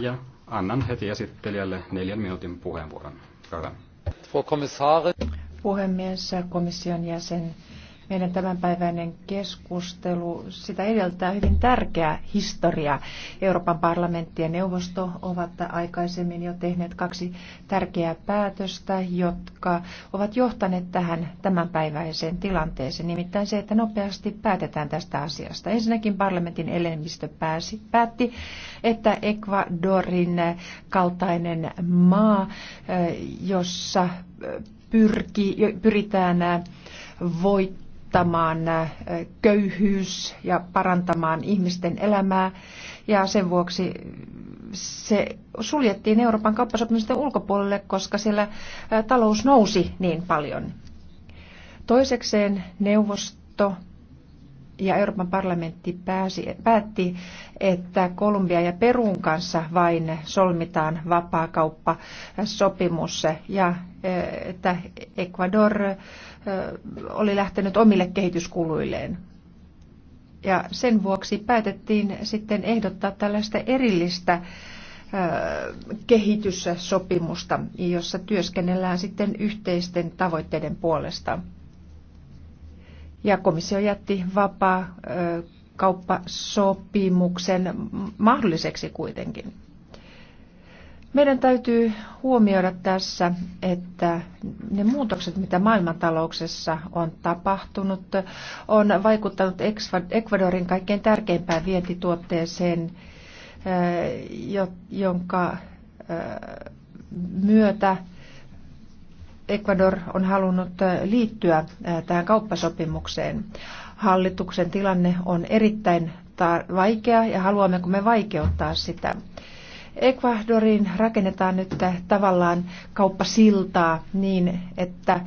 Ja annan heti esittelijälle neljän minuutin puheenvuoron. Hyvä. Puhemies, komission jäsen meidän tämänpäiväinen keskustelu, sitä edeltää hyvin tärkeä historia. Euroopan parlamentti ja neuvosto ovat aikaisemmin jo tehneet kaksi tärkeää päätöstä, jotka ovat johtaneet tähän tämänpäiväiseen tilanteeseen, nimittäin se, että nopeasti päätetään tästä asiasta. Ensinnäkin parlamentin elemistö pääsi, päätti, että Ecuadorin kaltainen maa, jossa pyrki, pyritään voittamaan, lopettamaan köyhyys ja parantamaan ihmisten elämää. Ja sen vuoksi se suljettiin Euroopan kauppasopimusten ulkopuolelle, koska siellä talous nousi niin paljon. Toisekseen neuvosto ja Euroopan parlamentti pääsi, päätti, että Kolumbia ja Perun kanssa vain solmitaan vapaakauppasopimus ja eh, että Ecuador eh, oli lähtenyt omille kehityskuluilleen. Ja sen vuoksi päätettiin sitten ehdottaa tällaista erillistä eh, kehityssopimusta, jossa työskennellään sitten yhteisten tavoitteiden puolesta ja komissio jätti vapaa kauppasopimuksen mahdolliseksi kuitenkin. Meidän täytyy huomioida tässä, että ne muutokset, mitä maailmantalouksessa on tapahtunut, on vaikuttanut Ecuadorin kaikkein tärkeimpään vientituotteeseen, jonka myötä Ecuador on halunnut äh, liittyä äh, tähän kauppasopimukseen. Hallituksen tilanne on erittäin vaikea ja haluammeko me vaikeuttaa sitä. Ecuadoriin rakennetaan nyt äh, tavallaan kauppasiltaa niin, että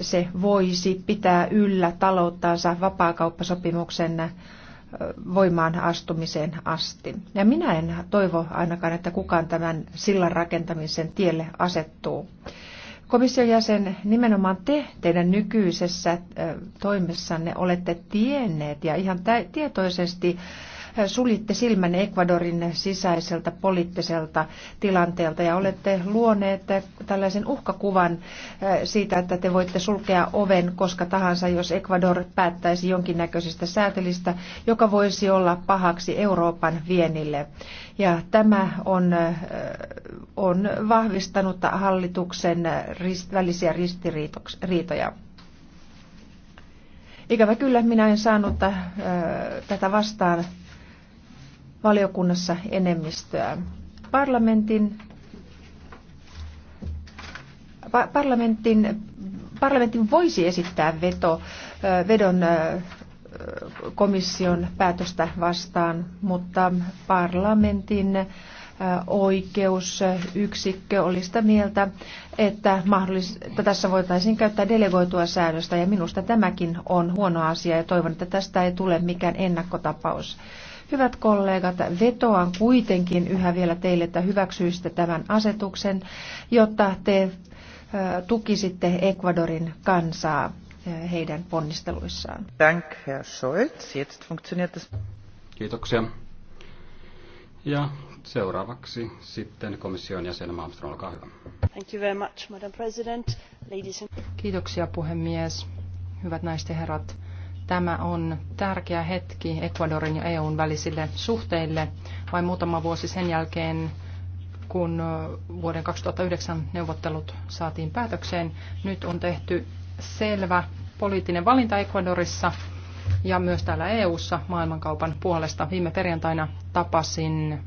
se voisi pitää yllä talouttaansa vapaakauppasopimuksen voimaan astumiseen asti. Ja minä en toivo ainakaan, että kukaan tämän sillan rakentamisen tielle asettuu. Komission jäsen, nimenomaan te teidän nykyisessä toimessanne olette tienneet ja ihan tietoisesti suljitte silmänne Ecuadorin sisäiseltä poliittiselta tilanteelta ja olette luoneet tällaisen uhkakuvan siitä, että te voitte sulkea oven koska tahansa, jos Ecuador päättäisi jonkinnäköisestä säätelistä, joka voisi olla pahaksi Euroopan vienille. Ja tämä on on vahvistanut hallituksen välisiä ristiriitoja. Ikävä kyllä minä en saanut äh, tätä vastaan valiokunnassa enemmistöä. Parlamentin, parlamentin, parlamentin voisi esittää veto, äh, vedon äh, komission päätöstä vastaan, mutta parlamentin oikeusyksikkö oli sitä mieltä, että, mahdollis- että tässä voitaisiin käyttää delegoitua säädöstä ja minusta tämäkin on huono asia ja toivon, että tästä ei tule mikään ennakkotapaus. Hyvät kollegat, vetoan kuitenkin yhä vielä teille, että hyväksyisitte tämän asetuksen, jotta te tukisitte Ecuadorin kansaa heidän ponnisteluissaan. Dank, Herr Scholz. Jetzt funktioniert das. Kiitoksia. Ja Seuraavaksi sitten komission jäsen Malmström, olkaa hyvä. Thank you very much, Madam President. Ladies and... Kiitoksia puhemies. Hyvät naiset ja herrat, tämä on tärkeä hetki Ecuadorin ja EUn välisille suhteille. Vain muutama vuosi sen jälkeen, kun vuoden 2009 neuvottelut saatiin päätökseen, nyt on tehty selvä poliittinen valinta Ecuadorissa ja myös täällä EU:ssa maailmankaupan puolesta. Viime perjantaina tapasin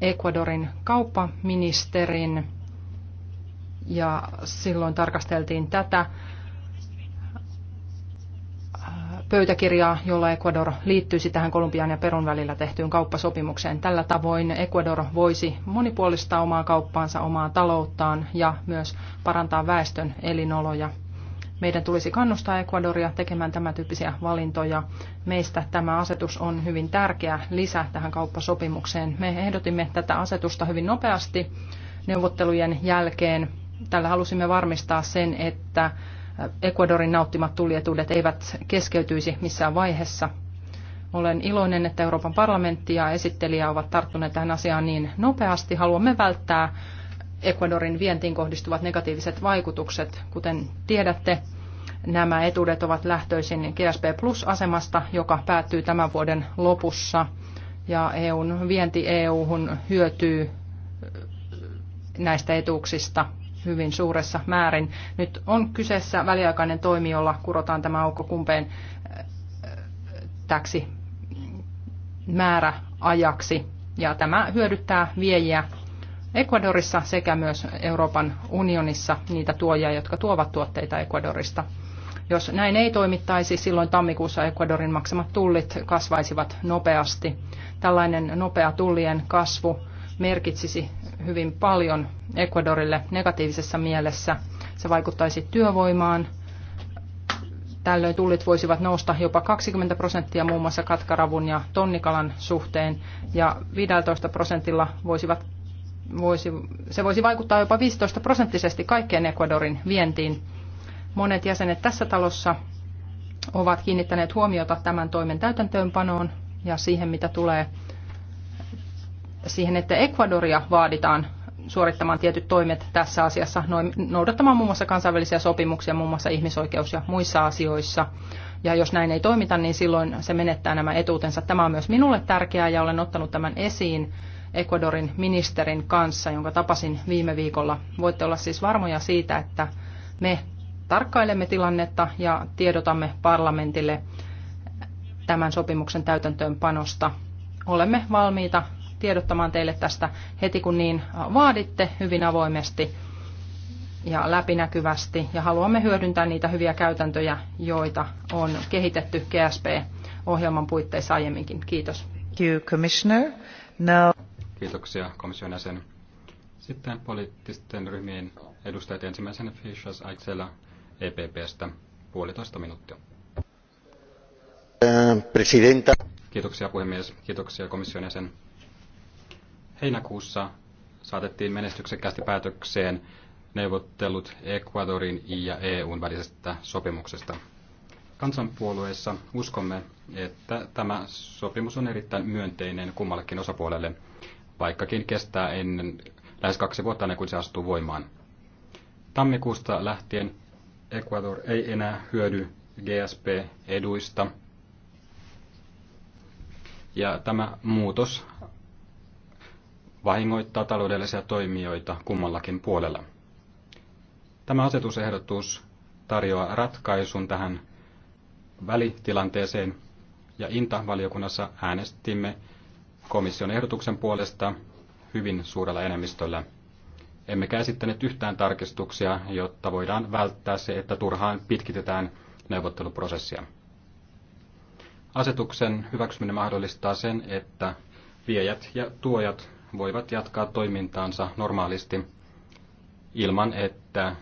Ecuadorin kauppaministerin ja silloin tarkasteltiin tätä äh, pöytäkirjaa, jolla Ecuador liittyisi tähän Kolumbian ja Perun välillä tehtyyn kauppasopimukseen. Tällä tavoin Ecuador voisi monipuolistaa omaa kauppaansa, omaa talouttaan ja myös parantaa väestön elinoloja – meidän tulisi kannustaa Ecuadoria tekemään tämän tyyppisiä valintoja. Meistä tämä asetus on hyvin tärkeä lisä tähän kauppasopimukseen. Me ehdotimme tätä asetusta hyvin nopeasti neuvottelujen jälkeen. Tällä halusimme varmistaa sen, että Ecuadorin nauttimat tulietuudet eivät keskeytyisi missään vaiheessa. Olen iloinen, että Euroopan parlamentti ja esittelijä ovat tarttuneet tähän asiaan niin nopeasti. Haluamme välttää Ecuadorin vientiin kohdistuvat negatiiviset vaikutukset. Kuten tiedätte, nämä etuudet ovat lähtöisin GSP Plus-asemasta, joka päättyy tämän vuoden lopussa. Ja EUn vienti EUhun hyötyy näistä etuuksista hyvin suuressa määrin. Nyt on kyseessä väliaikainen toimi, jolla kurotaan tämä aukko kumpeen täksi määräajaksi. Ja tämä hyödyttää viejiä Ecuadorissa sekä myös Euroopan unionissa niitä tuojia, jotka tuovat tuotteita Ecuadorista. Jos näin ei toimittaisi, silloin tammikuussa Ecuadorin maksamat tullit kasvaisivat nopeasti. Tällainen nopea tullien kasvu merkitsisi hyvin paljon Ecuadorille negatiivisessa mielessä. Se vaikuttaisi työvoimaan. Tällöin tullit voisivat nousta jopa 20 prosenttia muun muassa katkaravun ja tonnikalan suhteen ja 15 prosentilla voisivat voisi, se voisi vaikuttaa jopa 15 prosenttisesti kaikkeen Ecuadorin vientiin. Monet jäsenet tässä talossa ovat kiinnittäneet huomiota tämän toimen täytäntöönpanoon ja siihen, mitä tulee siihen, että Ecuadoria vaaditaan suorittamaan tietyt toimet tässä asiassa, noudattamaan muun muassa kansainvälisiä sopimuksia, muun muassa ihmisoikeus- ja muissa asioissa. Ja jos näin ei toimita, niin silloin se menettää nämä etuutensa. Tämä on myös minulle tärkeää ja olen ottanut tämän esiin Ecuadorin ministerin kanssa, jonka tapasin viime viikolla. Voitte olla siis varmoja siitä, että me tarkkailemme tilannetta ja tiedotamme parlamentille tämän sopimuksen täytäntöönpanosta. Olemme valmiita tiedottamaan teille tästä heti kun niin vaaditte hyvin avoimesti ja läpinäkyvästi ja haluamme hyödyntää niitä hyviä käytäntöjä, joita on kehitetty GSP-ohjelman puitteissa aiemminkin. Kiitos. Thank you, Commissioner. Now... Kiitoksia komission jäsen. Sitten poliittisten ryhmien edustajat ensimmäisenä Fischers Aixela EPPstä puolitoista minuuttia. Eh, presidenta. Kiitoksia puhemies, kiitoksia komission jäsen. Heinäkuussa saatettiin menestyksekkäästi päätökseen neuvottelut Ecuadorin ja EUn välisestä sopimuksesta. Kansanpuolueessa uskomme, että tämä sopimus on erittäin myönteinen kummallekin osapuolelle vaikkakin kestää ennen lähes kaksi vuotta ennen kuin se astuu voimaan. Tammikuusta lähtien Ecuador ei enää hyödy GSP-eduista. Ja tämä muutos vahingoittaa taloudellisia toimijoita kummallakin puolella. Tämä asetusehdotus tarjoaa ratkaisun tähän välitilanteeseen, ja Inta-valiokunnassa äänestimme komission ehdotuksen puolesta hyvin suurella enemmistöllä. Emmekä esittäneet yhtään tarkistuksia, jotta voidaan välttää se, että turhaan pitkitetään neuvotteluprosessia. Asetuksen hyväksyminen mahdollistaa sen, että viejät ja tuojat voivat jatkaa toimintaansa normaalisti ilman, että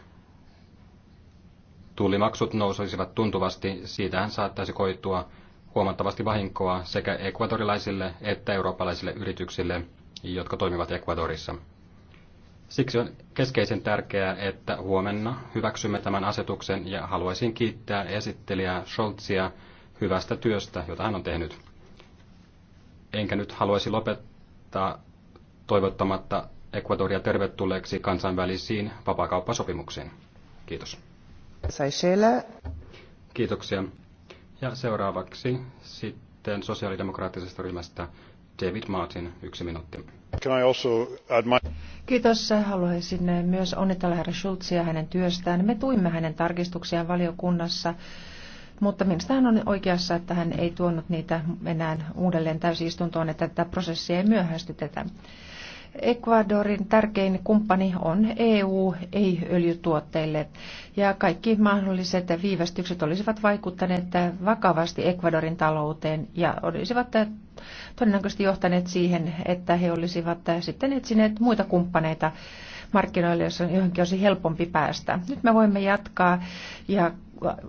tullimaksut nousisivat tuntuvasti. Siitähän saattaisi koitua huomattavasti vahinkoa sekä ekvatorilaisille että eurooppalaisille yrityksille, jotka toimivat Ekvadorissa. Siksi on keskeisen tärkeää, että huomenna hyväksymme tämän asetuksen ja haluaisin kiittää esittelijää Scholzia hyvästä työstä, jota hän on tehnyt. Enkä nyt haluaisi lopettaa toivottamatta Ecuadoria tervetulleeksi kansainvälisiin vapaakauppasopimuksiin. Kiitos. Seychelles. Kiitoksia. Ja seuraavaksi sitten sosiaalidemokraattisesta ryhmästä David Martin, yksi minuutti. Kiitos. Haluaisin myös onnitella herra Schulzia hänen työstään. Me tuimme hänen tarkistuksiaan valiokunnassa, mutta minusta hän on oikeassa, että hän ei tuonut niitä enää uudelleen täysistuntoon, että tätä prosessia ei myöhästytetä. Ecuadorin tärkein kumppani on EU, ei öljytuotteille, ja kaikki mahdolliset viivästykset olisivat vaikuttaneet vakavasti Ecuadorin talouteen ja olisivat todennäköisesti johtaneet siihen, että he olisivat sitten etsineet muita kumppaneita markkinoille, johonkin olisi helpompi päästä. Nyt me voimme jatkaa ja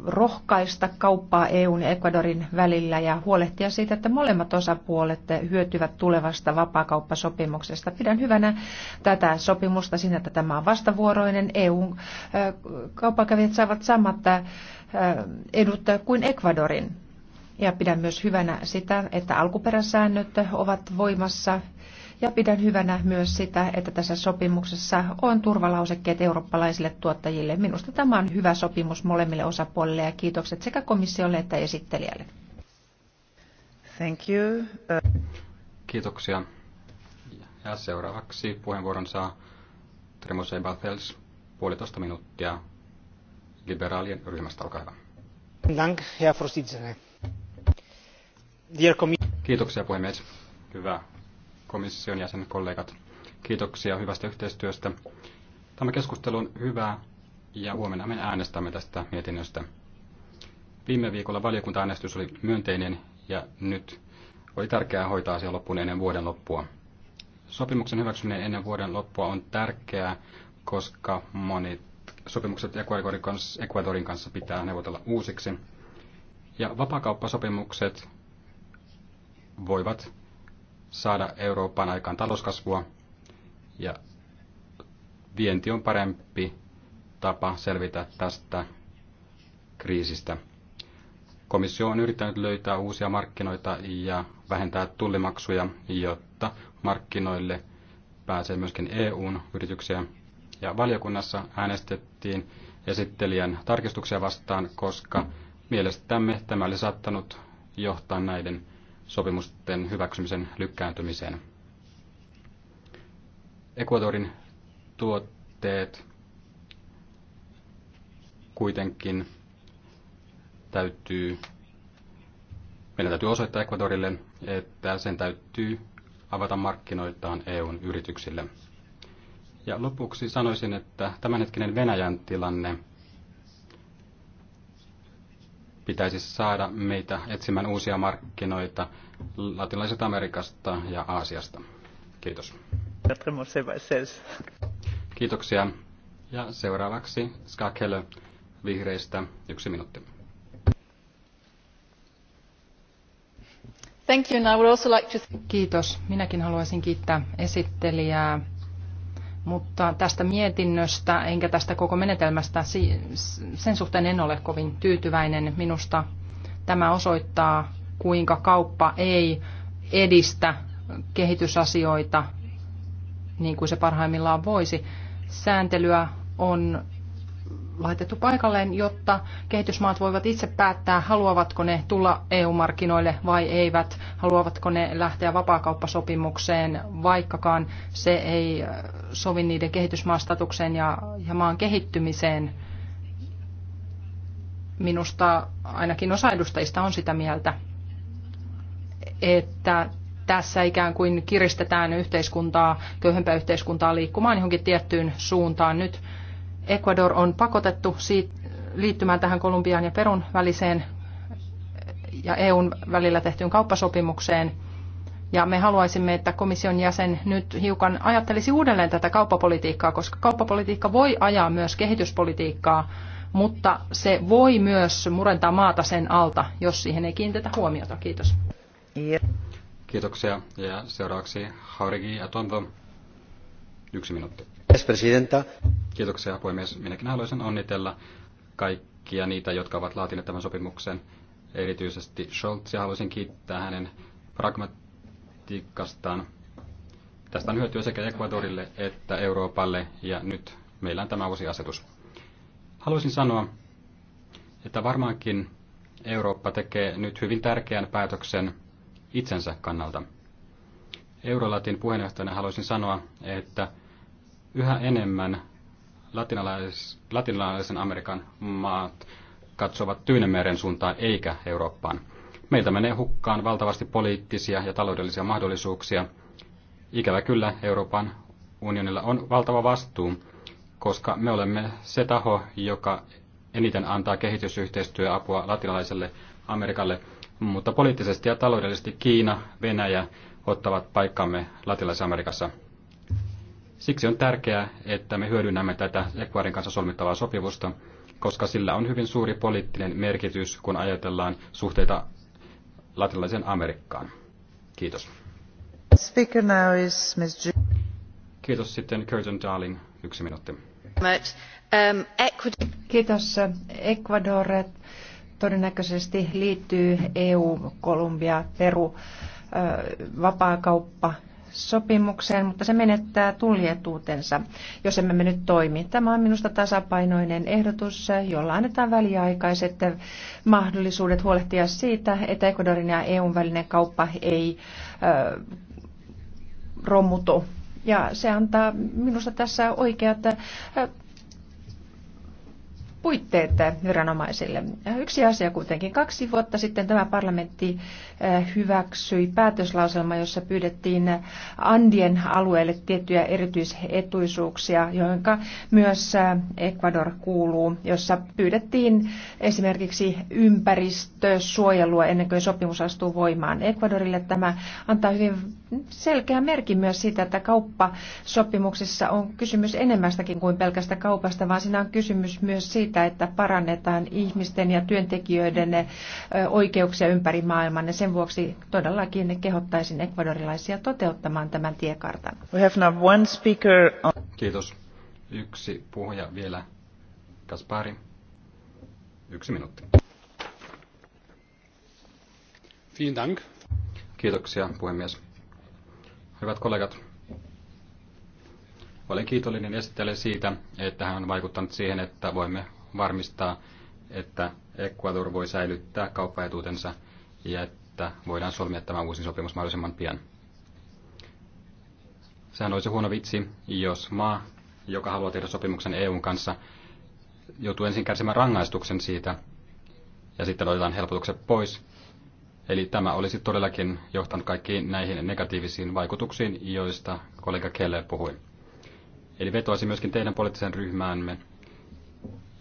rohkaista kauppaa EUn ja Ecuadorin välillä ja huolehtia siitä, että molemmat osapuolet hyötyvät tulevasta vapaakauppasopimuksesta. Pidän hyvänä tätä sopimusta siinä, että tämä on vastavuoroinen. EUn kauppakävijät saavat samat edut kuin Ecuadorin. Ja pidän myös hyvänä sitä, että alkuperäsäännöt ovat voimassa ja pidän hyvänä myös sitä, että tässä sopimuksessa on turvalausekkeet eurooppalaisille tuottajille. Minusta tämä on hyvä sopimus molemmille osapuolille ja kiitokset sekä komissiolle että esittelijälle. Thank you. Uh, Kiitoksia. Ja seuraavaksi puheenvuoron saa Tremo Sebafels, puolitoista minuuttia liberaalien ryhmästä, olkaa hyvä. Dank, Herr Kiitoksia puhemies. Hyvä komission jäsenkollegat. Kiitoksia hyvästä yhteistyöstä. Tämä keskustelu on hyvää ja huomenna me äänestämme tästä mietinnöstä. Viime viikolla valiokuntaäänestys oli myönteinen ja nyt oli tärkeää hoitaa asia loppuun ennen vuoden loppua. Sopimuksen hyväksyminen ennen vuoden loppua on tärkeää, koska monet sopimukset Ecuadorin kanssa, Ecuadorin kanssa pitää neuvotella uusiksi. Ja vapakauppasopimukset voivat saada Eurooppaan aikaan talouskasvua ja vienti on parempi tapa selvitä tästä kriisistä. Komissio on yrittänyt löytää uusia markkinoita ja vähentää tullimaksuja, jotta markkinoille pääsee myöskin EUn yrityksiä. Ja valiokunnassa äänestettiin esittelijän tarkistuksia vastaan, koska mielestämme tämä oli saattanut johtaa näiden sopimusten hyväksymisen lykkääntymiseen. Ecuadorin tuotteet kuitenkin täytyy, meidän täytyy osoittaa Ecuadorille, että sen täytyy avata markkinoitaan EUn yrityksille. Ja lopuksi sanoisin, että tämänhetkinen Venäjän tilanne pitäisi saada meitä etsimään uusia markkinoita latinalaisesta Amerikasta ja Aasiasta. Kiitos. Kiitoksia. Ja seuraavaksi Skakele vihreistä yksi minuutti. Thank you. I would also like to... Kiitos. Minäkin haluaisin kiittää esittelijää mutta tästä mietinnöstä enkä tästä koko menetelmästä sen suhteen en ole kovin tyytyväinen. Minusta tämä osoittaa, kuinka kauppa ei edistä kehitysasioita niin kuin se parhaimmillaan voisi. Sääntelyä on laitettu paikalleen, jotta kehitysmaat voivat itse päättää, haluavatko ne tulla EU-markkinoille vai eivät, haluavatko ne lähteä vapaakauppasopimukseen, vaikkakaan se ei äh, sovi niiden kehitysmaastatukseen ja, ja maan kehittymiseen. Minusta ainakin osa edustajista on sitä mieltä, että tässä ikään kuin kiristetään yhteiskuntaa, köyhempää yhteiskuntaa liikkumaan johonkin tiettyyn suuntaan. Nyt Ecuador on pakotettu siitä liittymään tähän Kolumbian ja Perun väliseen ja EUn välillä tehtyyn kauppasopimukseen. Ja me haluaisimme, että komission jäsen nyt hiukan ajattelisi uudelleen tätä kauppapolitiikkaa, koska kauppapolitiikka voi ajaa myös kehityspolitiikkaa, mutta se voi myös murentaa maata sen alta, jos siihen ei kiinnitetä huomiota. Kiitos. Kiitoksia. Ja seuraavaksi Haurigi ja Tonto. Yksi minuutti. Kiitoksia puhemies. Minäkin haluaisin onnitella kaikkia niitä, jotka ovat laatineet tämän sopimuksen. Erityisesti Scholzia haluaisin kiittää hänen pragmatiikastaan. Tästä on hyötyä sekä Ecuadorille että Euroopalle ja nyt meillä on tämä uusi asetus. Haluaisin sanoa, että varmaankin Eurooppa tekee nyt hyvin tärkeän päätöksen itsensä kannalta. Eurolatin puheenjohtajana haluaisin sanoa, että Yhä enemmän latinalais, latinalaisen Amerikan maat katsovat Tyynemeren suuntaan eikä Eurooppaan. Meiltä menee hukkaan valtavasti poliittisia ja taloudellisia mahdollisuuksia. Ikävä kyllä Euroopan unionilla on valtava vastuu, koska me olemme se taho, joka eniten antaa kehitysyhteistyöapua latinalaiselle Amerikalle, mutta poliittisesti ja taloudellisesti Kiina, Venäjä ottavat paikkamme Latinalaisessa Amerikassa. Siksi on tärkeää, että me hyödynnämme tätä Ecuadorin kanssa solmittavaa sopivusta, koska sillä on hyvin suuri poliittinen merkitys, kun ajatellaan suhteita latinalaisen Amerikkaan. Kiitos. Speaker now is Ms. Kiitos sitten Curtin Darling, yksi minuutti. Um, Kiitos. Ecuador todennäköisesti liittyy EU, Kolumbia, Peru, vapaakauppa sopimukseen, mutta se menettää tullietuutensa, jos emme me nyt toimi. Tämä on minusta tasapainoinen ehdotus, jolla annetaan väliaikaiset mahdollisuudet huolehtia siitä, että Ecuadorin ja EUn välinen kauppa ei äh, romutu. Ja se antaa minusta tässä oikeat puitteet viranomaisille. Yksi asia kuitenkin. Kaksi vuotta sitten tämä parlamentti eh, hyväksyi päätöslauselma, jossa pyydettiin Andien alueelle tiettyjä erityisetuisuuksia, joihin myös eh, Ecuador kuuluu, jossa pyydettiin esimerkiksi ympäristösuojelua ennen kuin sopimus astuu voimaan. Ecuadorille tämä antaa hyvin selkeä merkin myös siitä, että kauppasopimuksissa on kysymys enemmästäkin kuin pelkästä kaupasta, vaan siinä on kysymys myös siitä, siitä, että parannetaan ihmisten ja työntekijöiden oikeuksia ympäri maailman. Ja sen vuoksi todellakin kehottaisin ekvadorilaisia toteuttamaan tämän tiekartan. We have now one speaker on... Kiitos. Yksi puhuja vielä. Kaspari. Yksi minuutti. Vielen Dank. Kiitoksia, puhemies. Hyvät kollegat, olen kiitollinen esittäjälle siitä, että hän on vaikuttanut siihen, että voimme varmistaa, että Ecuador voi säilyttää kauppaetuutensa ja että voidaan solmia tämä uusi sopimus mahdollisimman pian. Sehän olisi huono vitsi, jos maa, joka haluaa tehdä sopimuksen EUn kanssa, joutuu ensin kärsimään rangaistuksen siitä ja sitten otetaan helpotukset pois. Eli tämä olisi todellakin johtanut kaikkiin näihin negatiivisiin vaikutuksiin, joista kollega Kelle puhui. Eli vetoaisin myöskin teidän poliittiseen ryhmäänne,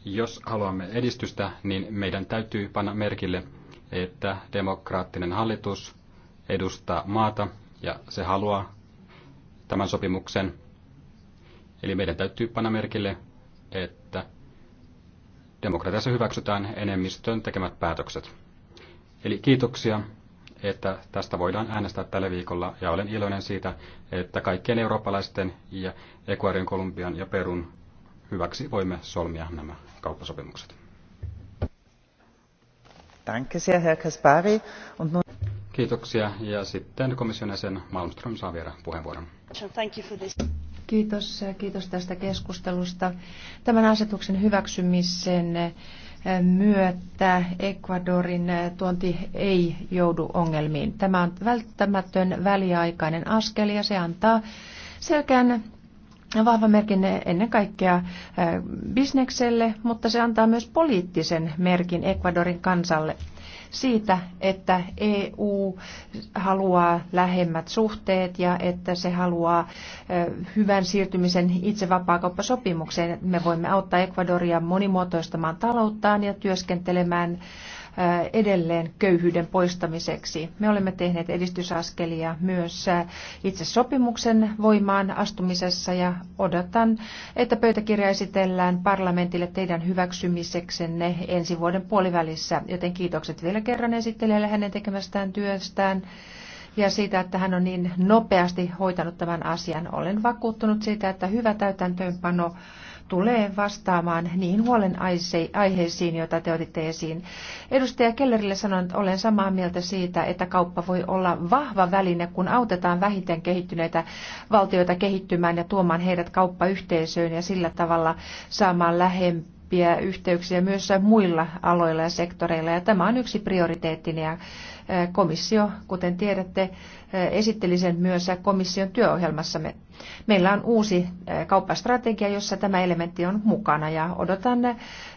jos haluamme edistystä, niin meidän täytyy panna merkille, että demokraattinen hallitus edustaa maata ja se haluaa tämän sopimuksen. Eli meidän täytyy panna merkille, että demokratiassa hyväksytään enemmistön tekemät päätökset. Eli kiitoksia, että tästä voidaan äänestää tällä viikolla ja olen iloinen siitä, että kaikkien eurooppalaisten ja Ecuadorin, Kolumbian ja Perun hyväksi voimme solmia nämä kauppasopimukset. Kiitoksia. Ja sitten komission jäsen Malmström saa vielä puheenvuoron. Kiitos, kiitos tästä keskustelusta. Tämän asetuksen hyväksymisen eh, myötä Ecuadorin eh, tuonti ei joudu ongelmiin. Tämä on välttämätön väliaikainen askel ja se antaa selkeän vahva merkinne ennen kaikkea bisnekselle, mutta se antaa myös poliittisen merkin Ecuadorin kansalle siitä, että EU haluaa lähemmät suhteet ja että se haluaa hyvän siirtymisen itse vapaakauppasopimukseen. Me voimme auttaa Ecuadoria monimuotoistamaan talouttaan ja työskentelemään edelleen köyhyyden poistamiseksi. Me olemme tehneet edistysaskelia myös itse sopimuksen voimaan astumisessa ja odotan, että pöytäkirja esitellään parlamentille teidän hyväksymiseksenne ensi vuoden puolivälissä, joten kiitokset vielä kerran esittelijälle hänen tekemästään työstään ja siitä, että hän on niin nopeasti hoitanut tämän asian. Olen vakuuttunut siitä, että hyvä täytäntöönpano tulee vastaamaan niihin huolenaiheisiin, joita te otitte esiin. Edustaja Kellerille sanon, että olen samaa mieltä siitä, että kauppa voi olla vahva väline, kun autetaan vähiten kehittyneitä valtioita kehittymään ja tuomaan heidät kauppayhteisöön ja sillä tavalla saamaan lähempää tiiviimpiä yhteyksiä myös muilla aloilla ja sektoreilla. Ja tämä on yksi prioriteettinen ja komissio, kuten tiedätte, esitteli sen myös komission työohjelmassamme. Meillä on uusi kauppastrategia, jossa tämä elementti on mukana ja odotan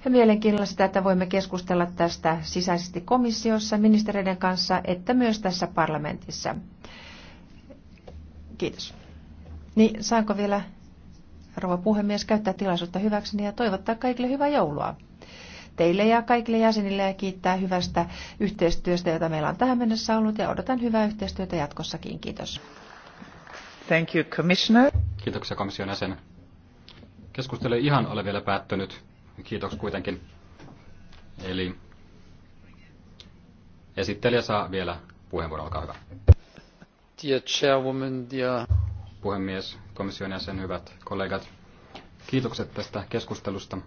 mielenkiinnolla sitä, että voimme keskustella tästä sisäisesti komissiossa ministereiden kanssa, että myös tässä parlamentissa. Kiitos. Niin, saanko vielä rouva puhemies, käyttää tilaisuutta hyväkseni ja toivottaa kaikille hyvää joulua. Teille ja kaikille jäsenille ja kiittää hyvästä yhteistyöstä, jota meillä on tähän mennessä ollut ja odotan hyvää yhteistyötä jatkossakin. Kiitos. Thank you, Commissioner. Kiitoksia komission jäsen. Keskustelu ei ihan ole vielä päättynyt. Kiitos kuitenkin. Eli esittelijä saa vielä puheenvuoron, olkaa hyvä. Dear chairwoman, dear puhemies, komission jäsen, hyvät kollegat. Kiitokset tästä keskustelusta.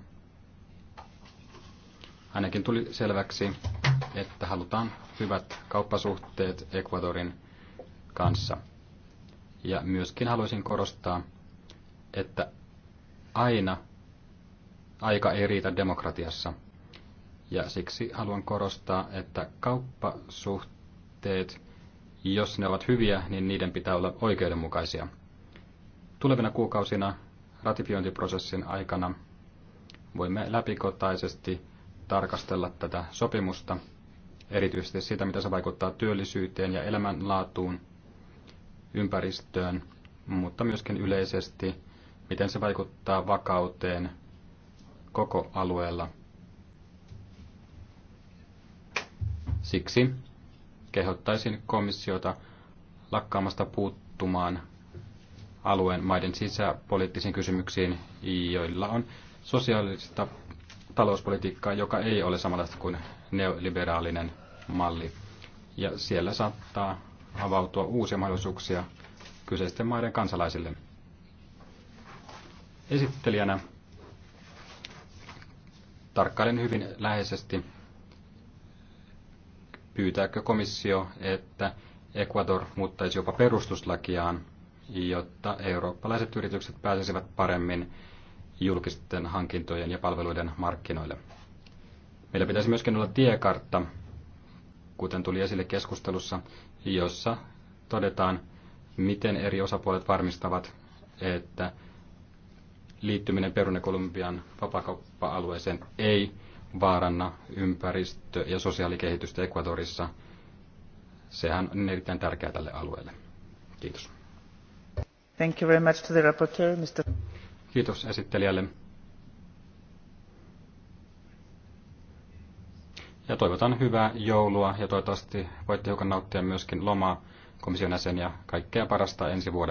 Ainakin tuli selväksi, että halutaan hyvät kauppasuhteet Ecuadorin kanssa. Ja myöskin haluaisin korostaa, että aina aika ei riitä demokratiassa. Ja siksi haluan korostaa, että kauppasuhteet, jos ne ovat hyviä, niin niiden pitää olla oikeudenmukaisia – Tulevina kuukausina ratifiointiprosessin aikana voimme läpikotaisesti tarkastella tätä sopimusta, erityisesti sitä, mitä se vaikuttaa työllisyyteen ja elämänlaatuun, ympäristöön, mutta myöskin yleisesti, miten se vaikuttaa vakauteen koko alueella. Siksi kehottaisin komissiota lakkaamasta puuttumaan alueen maiden sisäpoliittisiin kysymyksiin, joilla on sosiaalista talouspolitiikkaa, joka ei ole samanlaista kuin neoliberaalinen malli. Ja siellä saattaa avautua uusia mahdollisuuksia kyseisten maiden kansalaisille. Esittelijänä tarkkailen hyvin läheisesti, pyytääkö komissio, että Ecuador muuttaisi jopa perustuslakiaan jotta eurooppalaiset yritykset pääsisivät paremmin julkisten hankintojen ja palveluiden markkinoille. Meillä pitäisi myöskin olla tiekartta, kuten tuli esille keskustelussa, jossa todetaan, miten eri osapuolet varmistavat, että liittyminen Perun ja Kolumbian vapakauppa-alueeseen ei vaaranna ympäristö- ja sosiaalikehitystä Ecuadorissa. Sehän on erittäin tärkeää tälle alueelle. Kiitos. Thank you very much to the rapporteur, Mr. Kiitos esittelijälle. Ja toivotan hyvää joulua ja toivottavasti voitte hiukan nauttia myöskin lomaa komission jäsen ja kaikkea parasta ensi vuodelle.